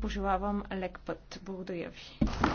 пожелавам лек път. Благодаря ви.